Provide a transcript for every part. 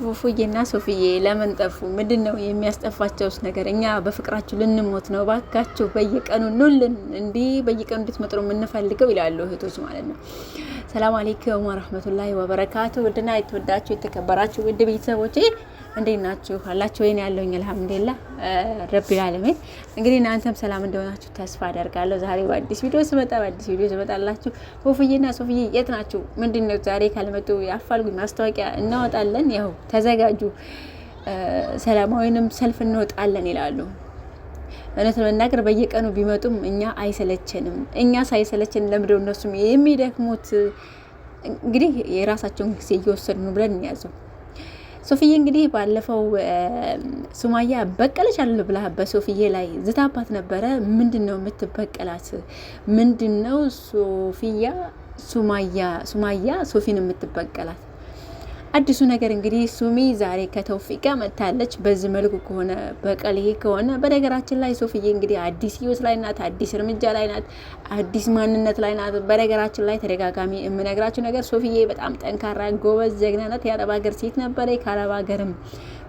ፉፉዬና ሶፍዬ ለምን ጠፉ? ምንድን ነው የሚያስጠፋቸውስ ነገር? እኛ በፍቅራችሁ ልንሞት ነው፣ ባካችሁ በየቀኑ ኑልን፣ እንዲህ በየቀኑ እንድትመጥሩ የምንፈልገው ይላሉ እህቶች ማለት ነው። ሰላም አሌይኩም ወረህመቱላሂ ወበረካቱ። ውድና የተወዳችሁ የተከበራችሁ ውድ ቤተሰቦቼ እንዴት ናችሁ አላችሁ? ወይኔ ያለሁኝ አልሐምዱሊላ ረቢል ዓለሚን። እንግዲህ እናንተም ሰላም እንደሆናችሁ ተስፋ አደርጋለሁ። ዛሬ በአዲስ ቪዲዮ ስመጣ በአዲስ ቪዲዮ ስመጣላችሁ። ፉፉዬና ሶፍዬ የት ናችሁ? ምንድን ነው ዛሬ ካልመጡ አፋልጉኝ፣ ማስታወቂያ እናወጣለን፣ ያው ተዘጋጁ፣ ሰላማዊንም ሰልፍ እንወጣለን ይላሉ። እውነት ለመናገር በየቀኑ ቢመጡም እኛ አይሰለችንም። እኛ ሳይሰለችን ለምደው እነሱም የሚደክሙት እንግዲህ የራሳቸውን ጊዜ ነው ብለን እንያዘው ሶፍዬ እንግዲህ ባለፈው ሱማያ በቀለች አለ ብላ በሶፍዬ ላይ ዝታባት ነበረ። ምንድን ነው የምትበቀላት? ምንድን ነው ሶፍያ ሱማያ ሱማያ ሶፊን የምትበቀላት አዲሱ ነገር እንግዲህ ሱሚ ዛሬ ከተውፊቅ ጋር መጥታለች። በዚህ መልኩ ከሆነ በቀል ከሆነ በነገራችን ላይ ሶፍዬ እንግዲህ አዲስ ህይወት ላይ ናት፣ አዲስ እርምጃ ላይ ናት፣ አዲስ ማንነት ላይ ናት። በነገራችን ላይ ተደጋጋሚ የምነግራችሁ ነገር ሶፍዬ በጣም ጠንካራ ጎበዝ ጀግና ናት። የአረብ ሀገር ሴት ነበረ። ከአረብ ሀገርም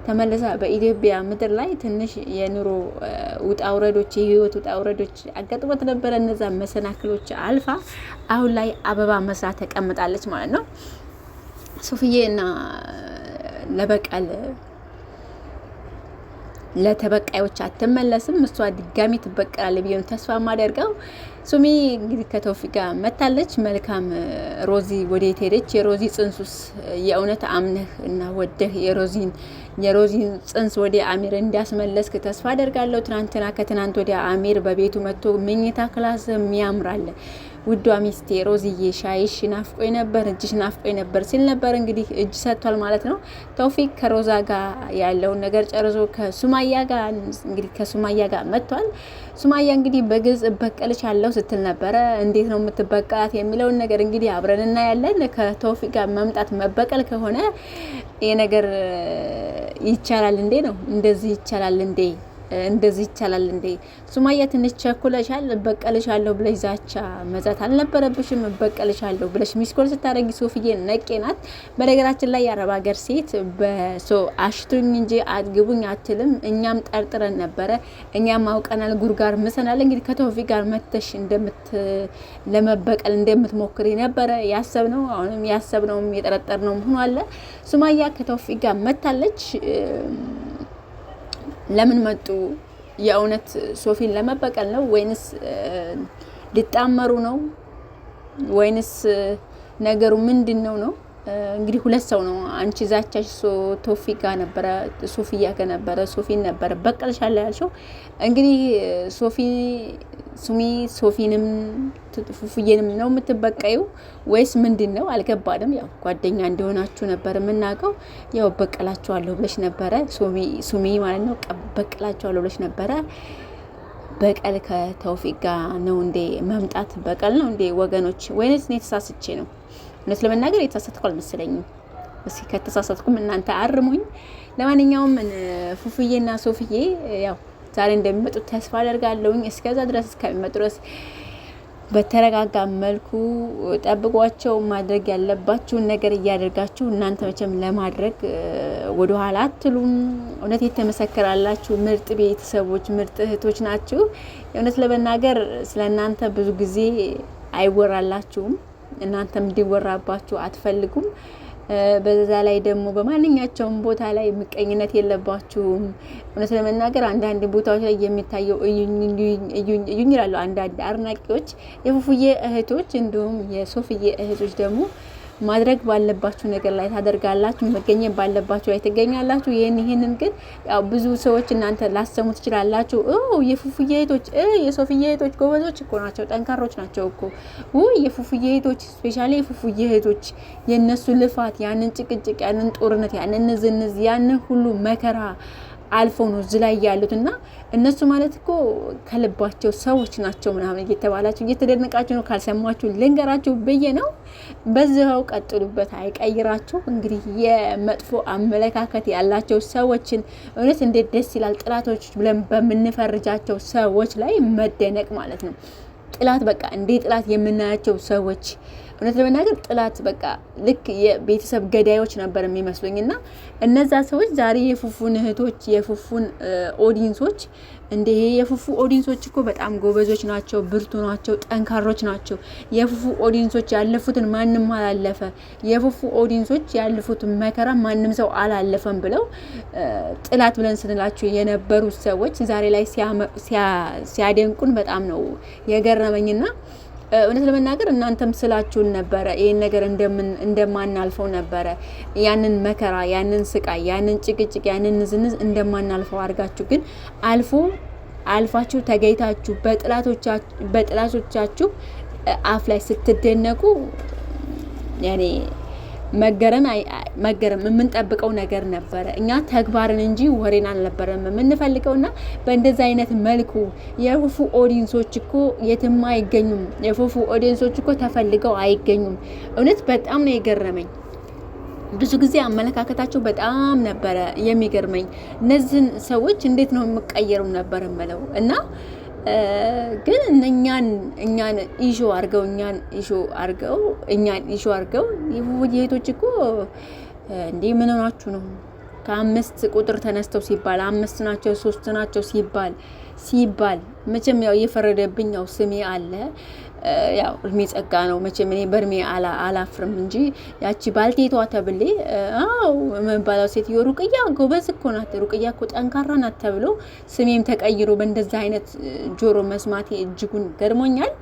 ተመልሳ በኢትዮጵያ ምድር ላይ ትንሽ የኑሮ ውጣ ውረዶች የህይወት ውጣ ውረዶች አጋጥሞት ነበረ። እነዛ መሰናክሎች አልፋ አሁን ላይ አበባ መስራት ተቀምጣለች ማለት ነው። ሱፍዬ እና ለበቀል ለተበቃዮች አትመለስም። እሷ ድጋሚ ትበቀላል ብዬ ተስፋ ማደርገው። ሱሚ እንግዲህ ከተውፊቅ ጋር መታለች። መልካም ሮዚ ወዴት ሄደች? የሮዚ ጽንሱስ የእውነት አምነህ እና ወደህ የሮዚን የሮዚን ጽንስ ወደ አሚር እንዲያስመለስክ ተስፋ አደርጋለሁ። ትናንትና ከትናንት ወዲያ አሚር በቤቱ መጥቶ መኝታ ክላስ የሚያምራለ ውዷ ሚስቴ ሮዝዬ ሻይሽ ናፍቆኝ ነበር፣ እጅሽ ናፍቆኝ ነበር ሲል ነበር። እንግዲህ እጅ ሰጥቷል ማለት ነው። ተውፊቅ ከሮዛ ጋር ያለውን ነገር ጨርሶ ከሱማያ ጋር እንግዲህ ከሱማያ ጋር መጥቷል። ሱማያ እንግዲህ በግልጽ እበቀልች አለው ስትል ነበረ። እንዴት ነው የምትበቀላት የሚለውን ነገር እንግዲህ አብረን እናያለን። ከተውፊቅ ጋር መምጣት መበቀል ከሆነ ይሄ ነገር ይቻላል እንዴ ነው እንደዚህ ይቻላል እንዴ? እንደዚህ ይቻላል እንዴ? ሱማያ ትንሽ ቸኩለሻል፣ እበቀልሻለሁ ብለሽ ዛቻ መዛት አልነበረብሽም። እበቀልሻለሁ ብለሽ ሚስኮል ስታደረጊ ሶፍዬ ነቄ ናት። በነገራችን ላይ የአረብ ሀገር ሴት በሶ አሽቱኝ እንጂ አጥግቡኝ አትልም። እኛም ጠርጥረን ነበረ፣ እኛም አውቀናል፣ ጉር ጋር ምሰናል። እንግዲህ ከቶፊ ጋር መተሽ እንደምት ለመበቀል እንደምትሞክር ነበረ ያሰብነው። አሁንም ያሰብነውም የጠረጠርነውም ሆኖ አለ። ሱማያ ከተወፊ ጋር መታለች። ለምን መጡ? የእውነት ሶፊን ለመበቀል ነው ወይንስ ሊጣመሩ ነው ወይንስ ነገሩ ምንድን ነው ነው እንግዲህ ሁለት ሰው ነው። አንቺ ዛቻሽ ቶፊቅ ጋር ነበረ፣ ሶፊያ ጋር ነበረ፣ ሶፊን ነበረ በቀልሻለ ያልሽው እንግዲህ ሶፊ ሱሚ ሶፊንም ፉፉዬንም ነው የምትበቀዩ ወይስ ምንድን ነው አልገባንም። ያው ጓደኛ እንደሆናችሁ ነበር የምናውቀው። ያው በቀላችኋለሁ ብለሽ ነበረ ሱሚ ማለት ነው። በቀላችኋለሁ ብለሽ ነበረ። በቀል ከተውፊቅ ጋር ነው እንዴ መምጣት? በቀል ነው እንዴ ወገኖች? ወይነት እኔ ተሳስቼ ነው? እውነት ለመናገር የተሳሳትኩ አልመሰለኝም። እስኪ ከተሳሳትኩም እናንተ አርሙኝ። ለማንኛውም ፉፉዬና ሶፍዬ ያው ዛሬ እንደሚመጡ ተስፋ አደርጋለሁኝ። እስከዛ ድረስ እስከሚመጡ ድረስ በተረጋጋ መልኩ ጠብቋቸው። ማድረግ ያለባችሁን ነገር እያደርጋችሁ እናንተ መቼም ለማድረግ ወደኋላ አትሉም። እውነት የተመሰከራላችሁ ምርጥ ቤተሰቦች፣ ምርጥ እህቶች ናችሁ። እውነት ለመናገር ስለ እናንተ ብዙ ጊዜ አይወራላችሁም። እናንተም እንዲወራባችሁ አትፈልጉም። በዛ ላይ ደግሞ በማንኛቸውም ቦታ ላይ ምቀኝነት የለባችሁም። እውነት ለመናገር አንዳንድ ቦታዎች ላይ የሚታየው እዩኝ ይላሉ አንዳንድ አድናቂዎች፣ የፉፉዬ እህቶች እንዲሁም የሶፍዬ እህቶች ደግሞ ማድረግ ባለባችሁ ነገር ላይ ታደርጋላችሁ፣ መገኘት ባለባችሁ ላይ ትገኛላችሁ። ይህን ይህንን ግን ያው ብዙ ሰዎች እናንተ ላሰሙ ትችላላችሁ። የፉፉዬ እህቶች የሶፍዬ እህቶች ጎበዞች እኮ ናቸው፣ ጠንካሮች ናቸው እኮ የፉፉዬ እህቶች ስፔሻሊ የፉፉዬ እህቶች የእነሱ ልፋት ያንን ጭቅጭቅ፣ ያንን ጦርነት፣ ያንን ንዝንዝ፣ ያንን ሁሉ መከራ አልፎ ነው እዚህ ላይ ያሉት እና እነሱ ማለት እኮ ከልባቸው ሰዎች ናቸው ምናምን እየተባላችሁ እየተደነቃችሁ ነው። ካልሰማችሁ ልንገራችሁ ብዬ ነው። በዚያው ቀጥሉበት፣ አይቀይራችሁ። እንግዲህ የመጥፎ አመለካከት ያላቸው ሰዎችን እውነት እንዴት ደስ ይላል። ጥላቶች ብለን በምንፈርጃቸው ሰዎች ላይ መደነቅ ማለት ነው። ጥላት በቃ እንዴ ጥላት የምናያቸው ሰዎች እውነት ለመናገር ጥላት በቃ ልክ የቤተሰብ ገዳዮች ነበር የሚመስሉኝ እና እነዛ ሰዎች ዛሬ የፉፉን እህቶች የፉፉን ኦዲንሶች እንዲህ የፉፉ ኦዲንሶች እኮ በጣም ጎበዞች ናቸው፣ ብርቱ ናቸው፣ ጠንካሮች ናቸው። የፉፉ ኦዲንሶች ያለፉትን ማንም አላለፈ፣ የፉፉ ኦዲንሶች ያለፉትን መከራ ማንም ሰው አላለፈም ብለው ጥላት ብለን ስንላቸው የነበሩት ሰዎች ዛሬ ላይ ሲያደንቁን በጣም ነው የገረመኝና እውነት ለመናገር እናንተም ስላችሁን ነበረ ይህን ነገር እንደማናልፈው ነበረ። ያንን መከራ፣ ያንን ስቃይ፣ ያንን ጭቅጭቅ፣ ያንን ንዝንዝ እንደማናልፈው አድርጋችሁ ግን አልፎ አልፋችሁ ተገኝታችሁ በጥላቶቻችሁ አፍ ላይ ስትደነቁ ያኔ መገረም መገረም የምንጠብቀው ነገር ነበረ። እኛ ተግባርን እንጂ ወሬን አልነበረም የምንፈልገው እና በእንደዚ አይነት መልኩ የፉፉ ኦዲንሶች እኮ የትም አይገኙም። የፉፉ ኦዲንሶች እኮ ተፈልገው አይገኙም። እውነት በጣም ነው የገረመኝ። ብዙ ጊዜ አመለካከታቸው በጣም ነበረ የሚገርመኝ። እነዚህን ሰዎች እንዴት ነው የምቀየሩ ነበር ምለው እና ግን እኛን እኛን ኢሹ አርገው እኛን ኢሹ አርገው እኛን ኢሹ አርገው የሄቶች እኮ እንዴ ምን ሆናችሁ ነው? ከአምስት ቁጥር ተነስተው ሲባል አምስት ናቸው ሶስት ናቸው ሲባል ሲባል መቼም ያው እየፈረደብኝ ያው ስሜ አለ ያው እድሜ ጸጋ ነው መቼም እኔ በእድሜ አላፍርም እንጂ ያቺ ባልቴቷ ተብሌ አው መባላው ሴትዮ ሩቅያ ጎበዝ እኮ ናት፣ ሩቅያ እኮ ጠንካራ ናት ተብሎ ስሜም ተቀይሮ በእንደዛ አይነት ጆሮ መስማቴ እጅጉን ገርሞኛል።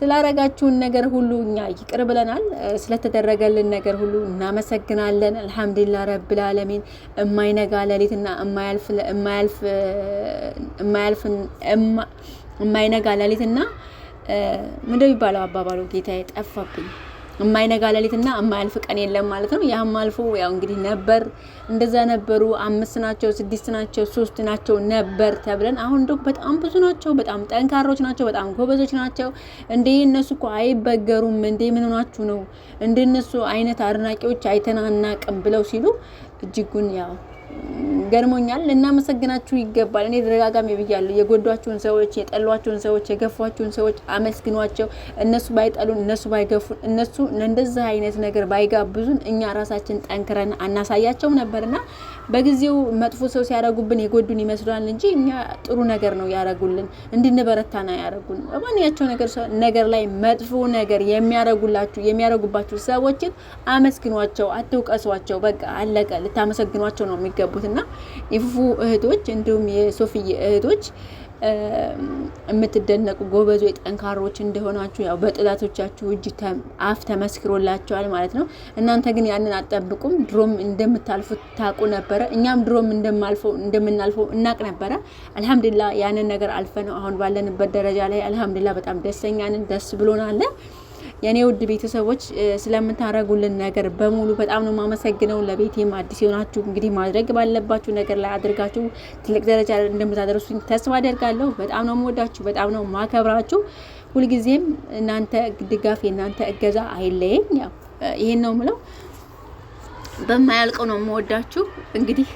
ስላረጋችሁን ነገር ሁሉ እኛ ይቅር ብለናል። ስለተደረገልን ነገር ሁሉ እናመሰግናለን። አልሐምዱላ ረብልአለሚን የማይነጋ ሌሊትና የማያልፍ የማያልፍ የማይነጋ ሌሊትና ምንድን የሚባለው አባባሉ ጌታዬ ጠፋብኝ። የማይነጋ ሌሊትና የማያልፍ ቀን የለም ማለት ነው። ያም አልፎ ያው እንግዲህ ነበር እንደዛ ነበሩ፣ አምስት ናቸው፣ ስድስት ናቸው፣ ሶስት ናቸው ነበር ተብለን፣ አሁን ደግሞ በጣም ብዙ ናቸው፣ በጣም ጠንካሮች ናቸው፣ በጣም ጎበዞች ናቸው። እንዴ እነሱ እኮ አይበገሩም፣ እንደ ምን ሆናችሁ ነው? እንደ እነሱ አይነት አድናቂዎች አይተናናቅም ብለው ሲሉ እጅጉን ያው ገርሞኛል። ልናመሰግናችሁ ይገባል። እኔ ደጋጋሚ ብያለሁ። የጎዷችሁን ሰዎች፣ የጠሏችሁን ሰዎች፣ የገፏችሁን ሰዎች አመስግኗቸው። እነሱ ባይጠሉን፣ እነሱ ባይገፉን፣ እነሱ እንደዚህ አይነት ነገር ባይጋብዙን እኛ ራሳችን ጠንክረን አናሳያቸው ነበርና በጊዜው መጥፎ ሰው ሲያደርጉብን የጎዱን ይመስላል እንጂ እኛ ጥሩ ነገር ነው ያደረጉልን። እንድንበረታና ያደረጉን በማንኛቸው ነገር ላይ መጥፎ ነገር የሚያደርጉላችሁ የሚያረጉባችሁ ሰዎችን አመስግኗቸው፣ አትውቀሷቸው። በቃ አለቀ። ልታመሰግኗቸው ነው የሚገባ የገቡት እና ኢፉ እህቶች እንዲሁም የሶፍዬ እህቶች የምትደነቁ ጎበዞ ጠንካሮች እንደሆናችሁ ያው በጥላቶቻችሁ እጅ አፍ ተመስክሮላቸዋል ማለት ነው። እናንተ ግን ያንን አጠብቁም ድሮም እንደምታልፉት ታውቁ ነበረ። እኛም ድሮም እንደማልፈው እንደምናልፈው እናቅ ነበረ። አልሐምዱሊላ ያንን ነገር አልፈ ነው አሁን ባለንበት ደረጃ ላይ አልሐምዱሊላ በጣም ደስተኛ ነን። ደስ ብሎናል። የኔ ውድ ቤተሰቦች ስለምታረጉልን ነገር በሙሉ በጣም ነው የማመሰግነው። ለቤቴም አዲስ የሆናችሁ እንግዲህ ማድረግ ባለባችሁ ነገር ላይ አድርጋችሁ ትልቅ ደረጃ እንደምታደርሱኝ ተስፋ አደርጋለሁ። በጣም ነው የምወዳችሁ፣ በጣም ነው ማከብራችሁ። ሁልጊዜም እናንተ ድጋፍ፣ የእናንተ እገዛ አይለየኝ። ያው ይሄን ነው ምለው፣ በማያልቀው ነው የምወዳችሁ እንግዲህ